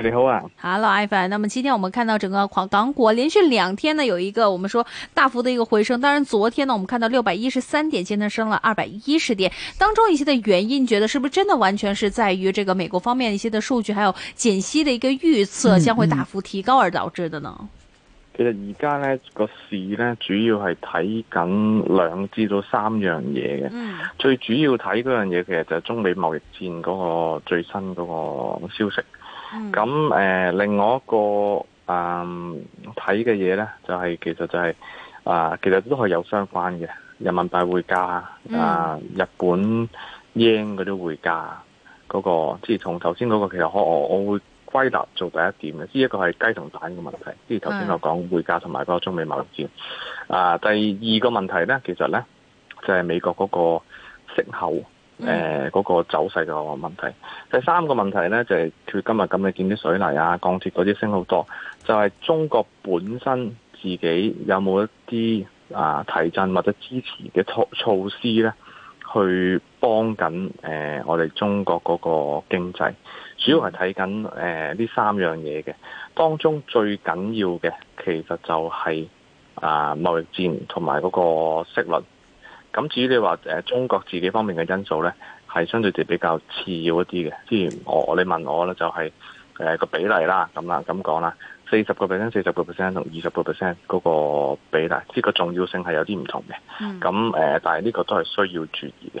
你好啊，Hello，Ivan 那麼今天我們看到整個港港股連續兩天呢，有一個我們說大幅的一個回升。當然，昨天呢，我們看到六百一十三點，今天升了二百一十點。當中一些的原因，覺得是不是真的完全是在於這個美國方面一些的數據，還有減息的一個預測將會大幅提高而導致的呢？嗯嗯、其實而家呢個市呢，主要係睇緊兩至到三樣嘢嘅。嗯，最主要睇嗰樣嘢，其實就係中美貿易戰嗰個最新嗰個消息。咁誒、呃，另外一個誒睇嘅嘢呢，就係、是、其實就係、是、啊、呃，其實都係有相關嘅，人民幣匯價啊，日本 yen 嗰啲匯價嗰個，即係從頭先嗰個其實我我會歸納做第一點嘅，即係一個係雞同蛋嘅問題，即係頭先我講匯價同埋嗰個中美貿易戰的啊，第二個問題呢，其實呢就係、是、美國嗰個息口。誒嗰、呃那個走勢嘅問題，第三個問題呢，就係、是、佢今日咁你見啲水泥啊、鋼鐵嗰啲升好多，就係、是、中國本身自己有冇一啲啊提振或者支持嘅措措施呢？去幫緊誒、呃、我哋中國嗰個經濟，主要係睇緊誒呢三樣嘢嘅，當中最緊要嘅其實就係、是、啊、呃、貿易戰同埋嗰個息率。咁至於你話誒中國自己方面嘅因素咧，係相對地比較次要一啲嘅。之前我你問我咧，就係誒個比例啦，咁啊咁講啦，四十個 percent、四十個 percent 同二十個 percent 嗰個比例，呢個重要性係有啲唔同嘅。咁誒、嗯呃，但係呢個都係需要注意嘅。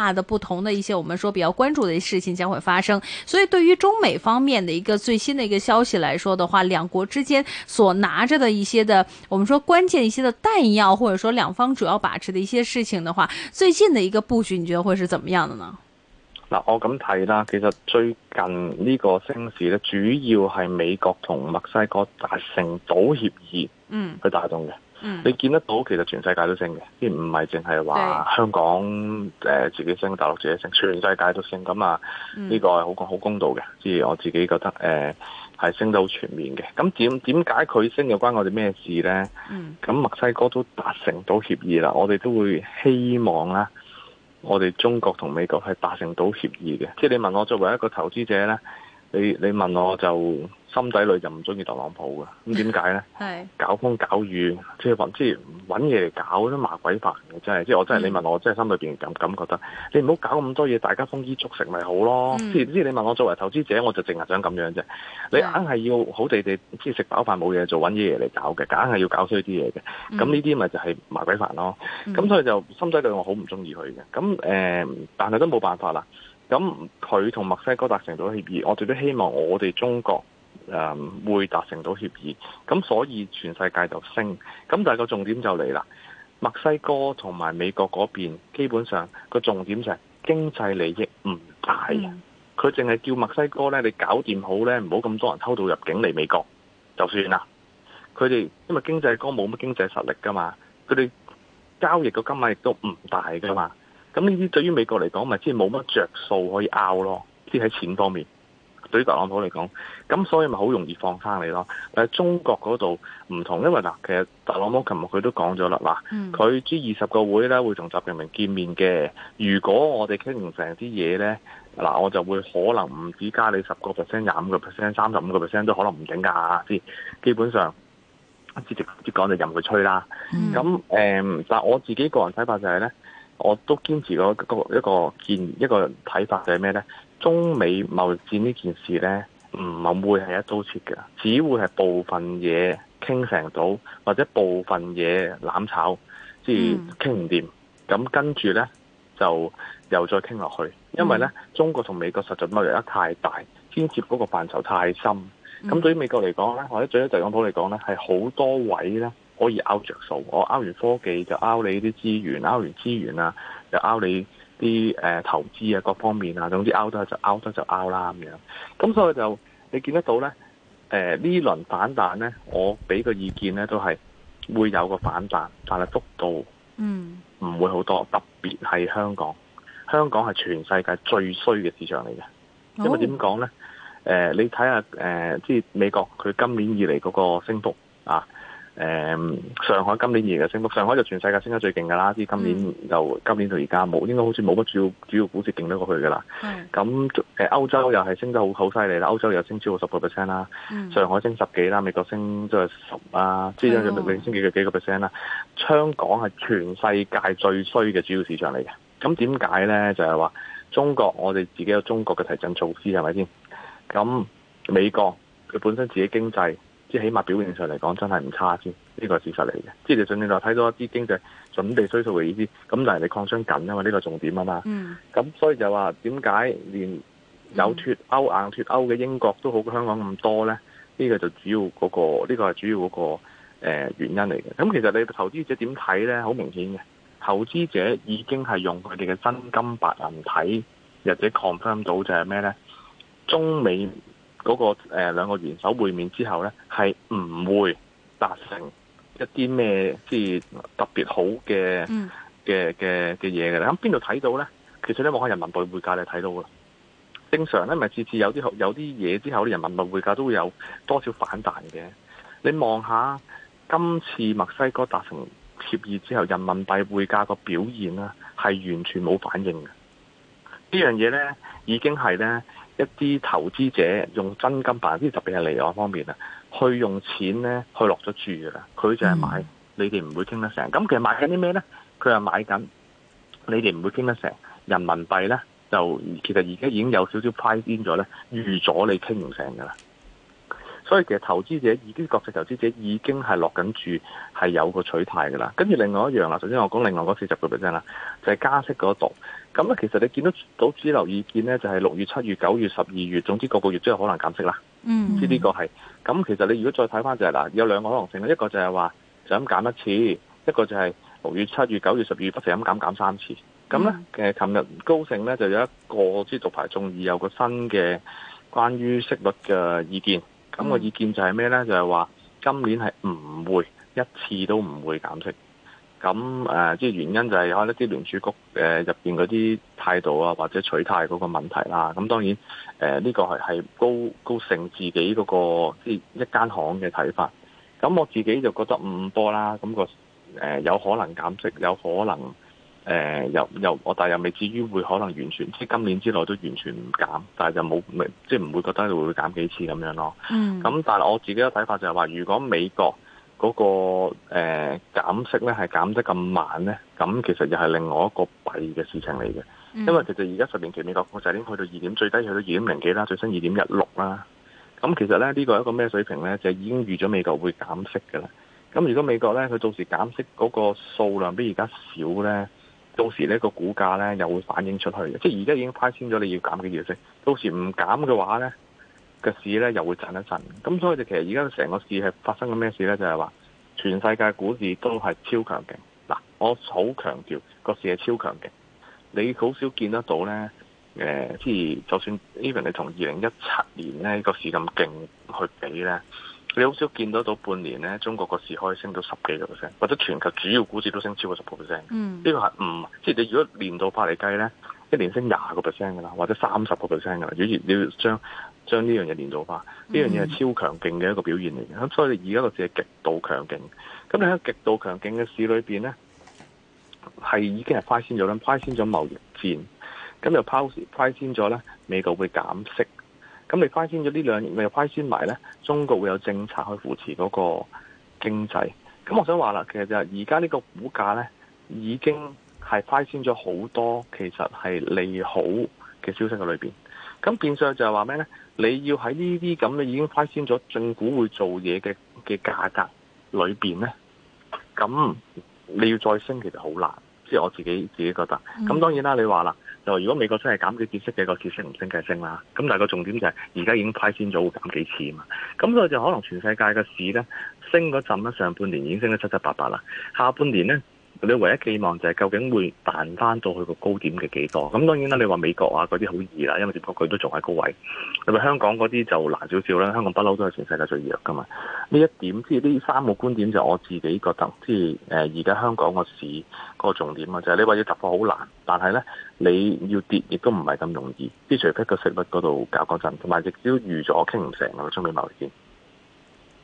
大的不同的一些，我們說比較關注的事情將會發生。所以，對於中美方面的一個最新的一個消息來說的話，兩國之間所拿着的一些的，我們說關鍵一些的彈藥，或者說兩方主要把持的一些事情的話，最近的一個布局，你覺得會是怎麼樣的呢？嗱，我咁睇啦，其實最近呢個升市咧，主要係美國同墨西哥達成咗協議，嗯，去帶動嘅。你見得到其實全世界都升嘅，啲唔係淨係話香港誒自己升，大陸的自己升，全世界都升咁啊！呢個係好公好公道嘅，即係、嗯、我自己覺得誒係升得好全面嘅。咁點點解佢升又關我哋咩事呢？咁、嗯、墨西哥都達成到協議啦，我哋都會希望啦，我哋中國同美國係達成到協議嘅。即係你問我作為一個投資者呢，你你問我就心底裏就唔中意特朗普嘅，咁點解咧？係 是搞風搞雨，即係唔知揾嘢嚟搞都麻鬼煩嘅真係，即係我真係、嗯、你問我，我真係心裏邊咁感覺得。你唔好搞咁多嘢，大家豐衣足食咪好咯。即係、嗯、即你問我作為投資者，我就淨係想咁樣啫。你硬係要好地地，即係食飽飯冇嘢做，揾嘢嚟搞嘅，硬係要搞衰啲嘢嘅。咁呢啲咪就係麻鬼煩咯。咁、嗯、所以就心底裏我好唔中意佢嘅。咁誒、呃，但係都冇辦法啦。咁佢同墨西哥達成咗協議，我哋都希望我哋中國誒、嗯、會達成到協議。咁所以全世界就升。咁但係個重點就嚟啦，墨西哥同埋美國嗰邊基本上個重點就係經濟利益唔大。佢淨係叫墨西哥咧，你搞掂好咧，唔好咁多人偷渡入境嚟美國就算啦。佢哋因為經濟哥冇乜經濟實力㗎嘛，佢哋交易嘅金額亦都唔大㗎嘛。嗯咁呢啲對於美國嚟講，咪即係冇乜着數可以拗咯，即係喺錢方面。對於特朗普嚟講，咁所以咪好容易放生你咯。誒，中國嗰度唔同，因為嗱，其實特朗普琴日佢都講咗啦，嗱，佢 G20 個會咧會同習近平見面嘅。如果我哋傾完成傾唔成啲嘢咧，嗱，我就會可能唔止加你十個 percent、廿五個 percent、三十五個 percent 都可能唔頂㗎，即係基本上直接唔知講就任佢吹啦、mm。咁誒，但係我自己個人睇法就係咧。我都堅持嗰個一個見一個睇法就係咩呢？中美貿易戰呢件事呢，唔係會係一刀切嘅，只會係部分嘢傾成到，或者部分嘢攬炒，即係傾唔掂。咁、嗯、跟住呢，就又再傾落去，因為呢、嗯、中國同美國實在貿易得太大，牽涉嗰個範疇太深。咁、嗯、對於美國嚟講呢，或者對於特朗普嚟講呢，係好多位呢。可以 Out 着數，我 Out 完科技就 Out 你啲資源，Out 完資源啊就 Out 你啲誒投資啊各方面啊，總之拗得就拗得就拗啦咁樣。咁所以就你見得到咧，誒呢輪反彈咧，我俾個意見咧都係會有個反彈，但係幅度嗯唔會好多，嗯、特別係香港，香港係全世界最衰嘅市場嚟嘅，哦、因為點講咧？你睇下誒，即係美國佢今年以嚟嗰個升幅啊～誒、嗯，上海今年二嘅升幅，上海就全世界升得最勁噶啦，啲今年就、嗯、今年到而家冇，應該好似冇乜主要主要股市勁得過去噶啦。咁誒是的，歐、呃、洲又係升得好好犀利啦，歐洲又升超過十個 percent 啦，嗯、上海升十幾啦，美國升即係十啊，即係領領先幾個幾個 percent 啦。是的 香港係全世界最衰嘅主要市場嚟嘅，咁點解咧？就係、是、話中國我哋自己有中國嘅提振措施係咪先？咁美國佢本身自己經濟。即係起碼表現上嚟講，真係唔差先，呢個事實嚟嘅。即係你上你又睇到一啲經濟準備衰退嘅意思，咁但係你擴張緊啊嘛，呢個重點啊嘛。咁所以就話點解連有脱歐、mm. 硬脱歐嘅英國都好過香港咁多咧？呢、呢個就主要嗰、嗰個，呢、呢個係主要嗰個誒原因嚟嘅。咁其實你投資者點睇咧？好明顯嘅，投資者已經係用佢哋嘅真金白銀睇，或者 confirm 到就係咩咧？中美。嗰個兩個元首會面之後咧，係唔會達成一啲咩即係特別好嘅嘅嘅嘅嘢嘅咧？咁邊度睇到咧？其實咧，望下人民幣匯價，你睇到喇。正常咧咪次次有啲有啲嘢之後，人民幣匯價都會有多少反彈嘅。你望下今次墨西哥達成協議之後，人民幣匯價個表現呢，係完全冇反應嘅。呢樣嘢呢，已經係呢一啲投資者用真金白銀，特別係離岸方面啊，去用錢呢，去落咗注㗎啦。佢就係買，你哋唔會傾得成。咁其實買緊啲咩呢？佢係買緊，你哋唔會傾得成。人民幣呢，就其實而家已經有少少 price in 咗呢，預咗你傾唔成㗎啦。所以其實投資者已經國際投資者已經係落緊注，係有個取態㗎啦。跟住另外一樣啦，首先我講另外嗰四個指標啦，就係、是、加息嗰度。咁咧，其實你見到到主流意見咧，就係、是、六月、七月、九月、十二月，總之個個月都有可能減息啦。嗯、mm，hmm. 知呢個係咁。其實你如果再睇翻就係、是、嗱，有兩個可能性啦，一個就係話就咁減一次，一個就係六月、七月、九月、十二月不停咁減，減三次。咁咧，誒、mm，琴、hmm. 日高盛咧就有一個之獨排眾議，牌有個新嘅關於息率嘅意見。咁我意見就係咩呢？就係、係、話今年係唔會一次都唔會減息。咁即、呃、原因就係可能啲聯儲局入、呃、面嗰啲態度啊，或者取態嗰個問題啦。咁當然呢、呃呢個係係高高盛自己嗰、嗰個即、就係、一間行嘅睇法。咁我自己就覺得五五波啦。咁、嗰個、呃、有可能減息，有可能。誒又又我，但係又未至於會可能完全即係今年之內都完全唔減，但係就冇即係唔會覺得會減幾次咁樣咯。咁、嗯、但係我自己嘅睇法就係話，如果美國嗰、嗰個誒、呃、減息咧係減得咁慢咧，咁其實又係另外一個弊嘅事情嚟嘅，嗯、因為其實而家十年期美國國債就已經去到二點最低去到二點零幾啦，最新二點一六啦。咁其實咧呢、呢個一個咩水平咧，就係、已經預咗美國會減息㗎啦。咁如果美國咧佢到時減息嗰個數量比而家少咧？到時呢個股價呢，又會反映出去嘅，即係而家已經派先咗你要減嘅意思。到時唔減嘅話呢，個市呢又會震一震。咁所以就其實而家成個市係發生緊咩事呢？就係、是、話全世界股市都係超強勁。嗱，我好強調個市係超強勁，你好少見得到呢，誒、呃，即係就算 Even 你從二零一七年呢個市咁勁去比呢。你好少見得到，到半年咧，中國個市可以升到十幾個 percent，或者全球主要股市都升超過十個 percent。呢個係唔，即係你如果連到百嚟雞咧，一年升廿個 percent 噶啦，或者三十個 percent 噶啦。如果你要將將呢樣嘢年度化，呢樣嘢係超強勁嘅一個表現嚟嘅。咁、嗯、所以而家個市係極度強勁。咁你喺極度強勁嘅市裏邊咧，係已經係派先咗啦，派先咗貿易戰，咁又拋派先咗咧，美國會減息。咁你翻遷咗呢兩年，咪又翻遷埋咧？中國會有政策去扶持嗰個經濟。咁我想話啦，其實就係而家呢個股價咧，已經係翻遷咗好多，其實係利好嘅消息嘅裏面。咁變相就係話咩咧？你要喺呢啲咁你已經翻遷咗正股會做嘢嘅嘅價格裏面咧，咁你要再升其實好難。即係我自己自己覺得。咁當然啦，你話啦。就如果美國真係減接息結息，嘅、嗰個結息唔升計升啦。咁但係個重點就係，而家已經派先咗會減幾次啊嘛。咁所以就可能全世界嘅市咧，升嗰陣咧，上半年已經升得七七八八啦，下半年咧。你唯一寄望就係究竟會彈翻到去個高點嘅幾多？咁當然啦，你話美國啊嗰啲好易啦、啊，因為結果佢都仲喺高位。咁啊，香港嗰啲就難少少啦。香港不嬲都係全世界最弱噶嘛。呢一點即係呢三個觀點，就我自己覺得，即係而家香港個市嗰、個重點啊，就係你話要突破好難，但係咧你要跌亦都唔係咁容易。即係除非個食物嗰度搞嗰陣，同埋亦都預咗傾唔成啊，中美貿易戰。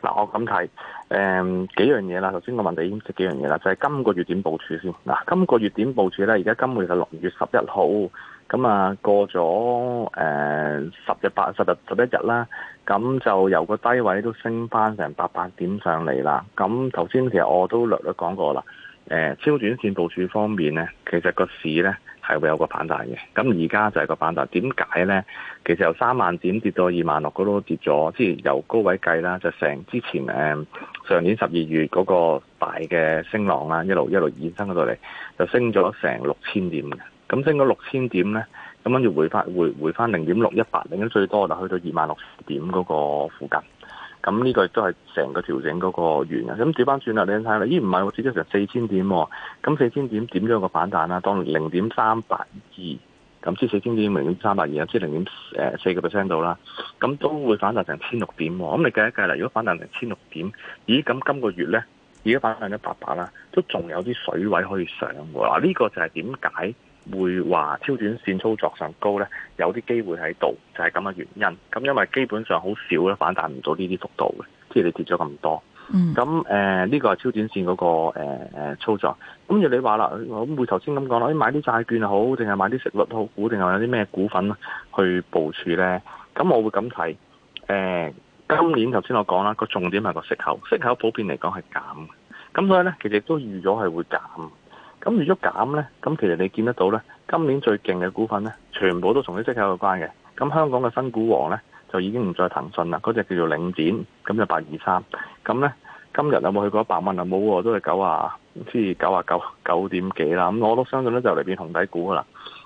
嗱，我咁睇，誒幾樣嘢啦。頭先我問你先，幾樣嘢啦？就係、是、今個月點部署先。嗱，今個月點部署咧？而家今個月係六月十一號，咁啊過咗誒十日八十日十一日啦，咁就由個低位都升翻成八百點上嚟啦。咁頭先其實我都略略講過啦，誒、呃、超短線部署方面咧，其實個市咧。係會有個反彈嘅，咁而家就係個反彈點解呢？其實由三萬點跌到二萬六嗰度跌咗，即係由高位計啦，就成之前誒上年十二月嗰個大嘅升浪啦，一路一路延伸嗰度嚟，就升咗成六千點嘅。咁升咗六千點呢，咁跟住回翻回,回回翻零點六一八，零點最多就去到二萬六點嗰個附近。咁呢個都係成個調整嗰個原因，咁掉翻轉啦，你睇啦，咦唔係我跌咗成四千點喎、哦？咁四千點點咗個反彈啦？當零點三八二，咁即四千點零點三八二，即零點四個 percent 到啦。咁都會反彈成千六點喎、哦？咁你計一計啦，如果反彈成千六點，咦咁今個月咧，而家反彈一百八啦，都仲有啲水位可以上喎。嗱，呢個就係點解？會話超短線操作上高呢，有啲機會喺度，就係咁嘅原因。咁因為基本上好少咧反彈唔到呢啲幅度嘅，即係你跌咗咁多。咁誒呢個係超短線嗰個誒、呃、操作。咁如你話啦，我會頭先咁講啦，誒買啲債券好，定係買啲息率好股，定係有啲咩股份去部署呢？咁我會咁睇。誒、呃，今年頭先我講啦，個重點係個息口，息口普遍嚟講係減嘅。咁所以呢，其實都預咗係會減。咁如果減呢，咁其實你見得到呢，今年最勁嘅股份呢，全部都同啲息口有關嘅。咁香港嘅新股王呢，就已經唔再騰訊啦，嗰、那、隻、個、叫做領展，咁就八二三。咁呢，今日有冇去過一百蚊？啊？冇喎，都係九啊，即係九啊九九點幾啦。咁我都相信呢，就嚟變紅底股啦。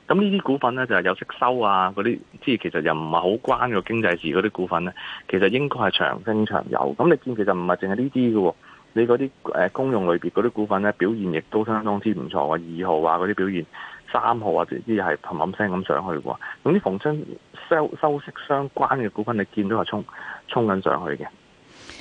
咁呢啲股份呢，就係、是、有息收啊，嗰啲即係其實又唔係好關個經濟事嗰啲股份呢，其實應該係長升長有。咁你見其實唔係淨係呢啲嘅喎。你嗰啲誒公用裏面嗰啲股份咧，表現亦都相當之唔錯喎。二號啊嗰啲表現，三號啊，啲至係冚冧聲咁上去嘅喎。咁啲逢親收息相關嘅股份，你見到係衝衝緊上去嘅。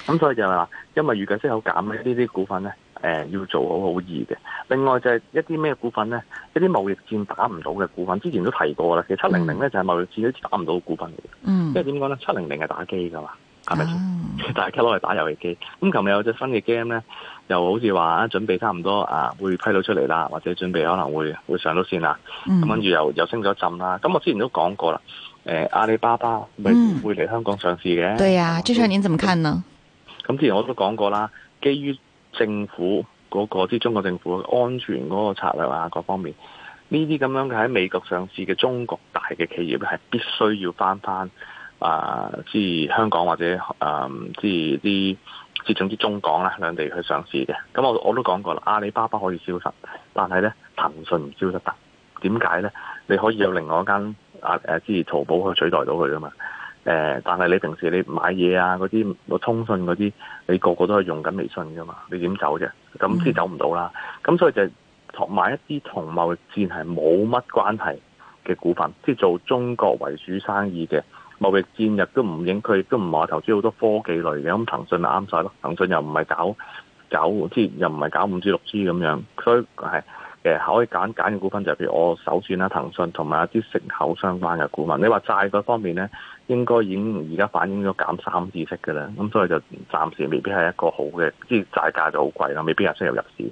咁所以就係話，因為預計息口減呢啲股份咧、呃、要做好好易嘅。另外就係一啲咩股份咧，一啲貿易戰打唔到嘅股份，之前都提過啦。其實七零零咧就係貿易戰都打唔到股份嚟嘅。嗯。即係點講咧？七零零係打機㗎嘛。係咪？大家攞嚟打遊戲機。咁琴日有隻新嘅 game 咧，又好似話啊，準備差唔多啊，會批到出嚟啦，或者準備可能會會上到線啦。咁、嗯、跟住又又升咗一浸啦。咁我之前都講過啦，誒、呃，阿里巴巴咪會嚟香港上市嘅，嗯？對呀、啊，這事您怎麼看呢？咁、嗯、之前我都講過啦，基於政府嗰、那個即中國政府安全嗰個策略啊，各方面呢啲咁樣嘅喺美國上市嘅中國大嘅企業咧，係必須要返返。啊，即係、呃、香港或者啊，即係啲即係總之中港咧兩地去上市嘅。咁我我都講過啦，阿里巴巴可以消失，但係咧騰訊唔消失得點解咧？你可以有另外一間啊誒，即係淘寶去取代到佢噶嘛？誒、呃，但係你平時你買嘢啊嗰啲個通訊嗰啲，你個個都係用緊微信噶嘛？你點走啫？咁即走唔到啦。咁、mm hmm. 所以就買一啲同貿易戰係冇乜關係嘅股份，即、就、係、是、做中國為主生意嘅，貿易戰又都唔影佢，都唔話投資好多科技類嘅，咁騰訊就啱晒咯。騰訊又唔係搞搞，即係又唔係搞五 G 六 G 咁樣，所以係誒可以揀揀嘅股份就係、是、譬如我首選啦，騰訊同埋一啲食口相關嘅股份。你話債嗰方面咧，應該已經而家反映咗減三至息嘅啦，咁所以就暫時未必係一個好嘅，即、就、係、是、債價就好貴啦，未必係適合,入市。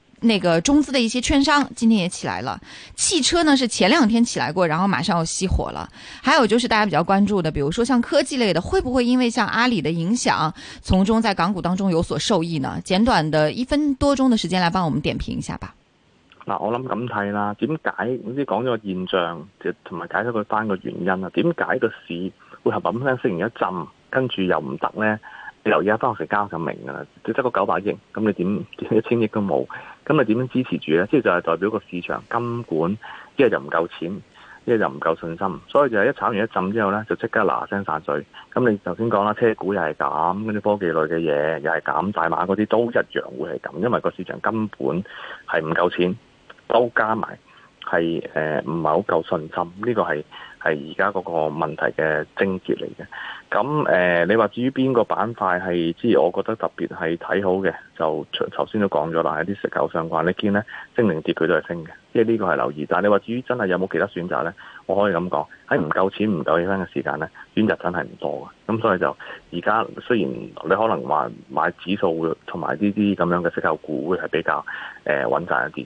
那個中資的一些券商，今天也起來了，汽車呢是前兩天起來過，然後馬上又熄火了。還有就是大家比較關注的，比如說像科技類的，會不會因為像阿里的影響，從中在港股當中有所受益呢？簡短的一分多鐘的時間來幫我們點評一下吧。嗱、啊，我諗咁睇啦，點解，總之講咗個現象，同埋解咗個單個原因啊？點解個市會係咁聲升完一陣，跟住又唔得呢？你留意下翻學時交就明噶啦，只得個九百億，咁你點點一千億都冇，咁你點樣支持住呢？即係就係、是、代表個市場根本，一係就唔夠錢，一係就唔夠信心，所以就係一炒完一浸之後呢，就即刻嗱聲散水。咁你頭先講啦，車股又係減，嗰啲科技類嘅嘢又係減，減大碼嗰啲都一樣會係咁，因為個市場根本係唔夠錢，都加埋係誒唔係好夠信心，呢、這個係係而家嗰個問題嘅症結嚟嘅，咁誒、呃，你話至於邊個板塊係，即係我覺得特別係睇好嘅，就頭先都講咗啦，係啲石油相關。你見呢，清明節佢都係升嘅，即係呢個係留意。但係你話至於真係有冇其他選擇呢？我可以咁講，喺唔夠錢唔夠起翻嘅時間呢，選擇真係唔多嘅，咁所以就而家雖然你可能話買指數同埋呢啲咁樣嘅石油股會係比較誒、呃、穩賺一啲。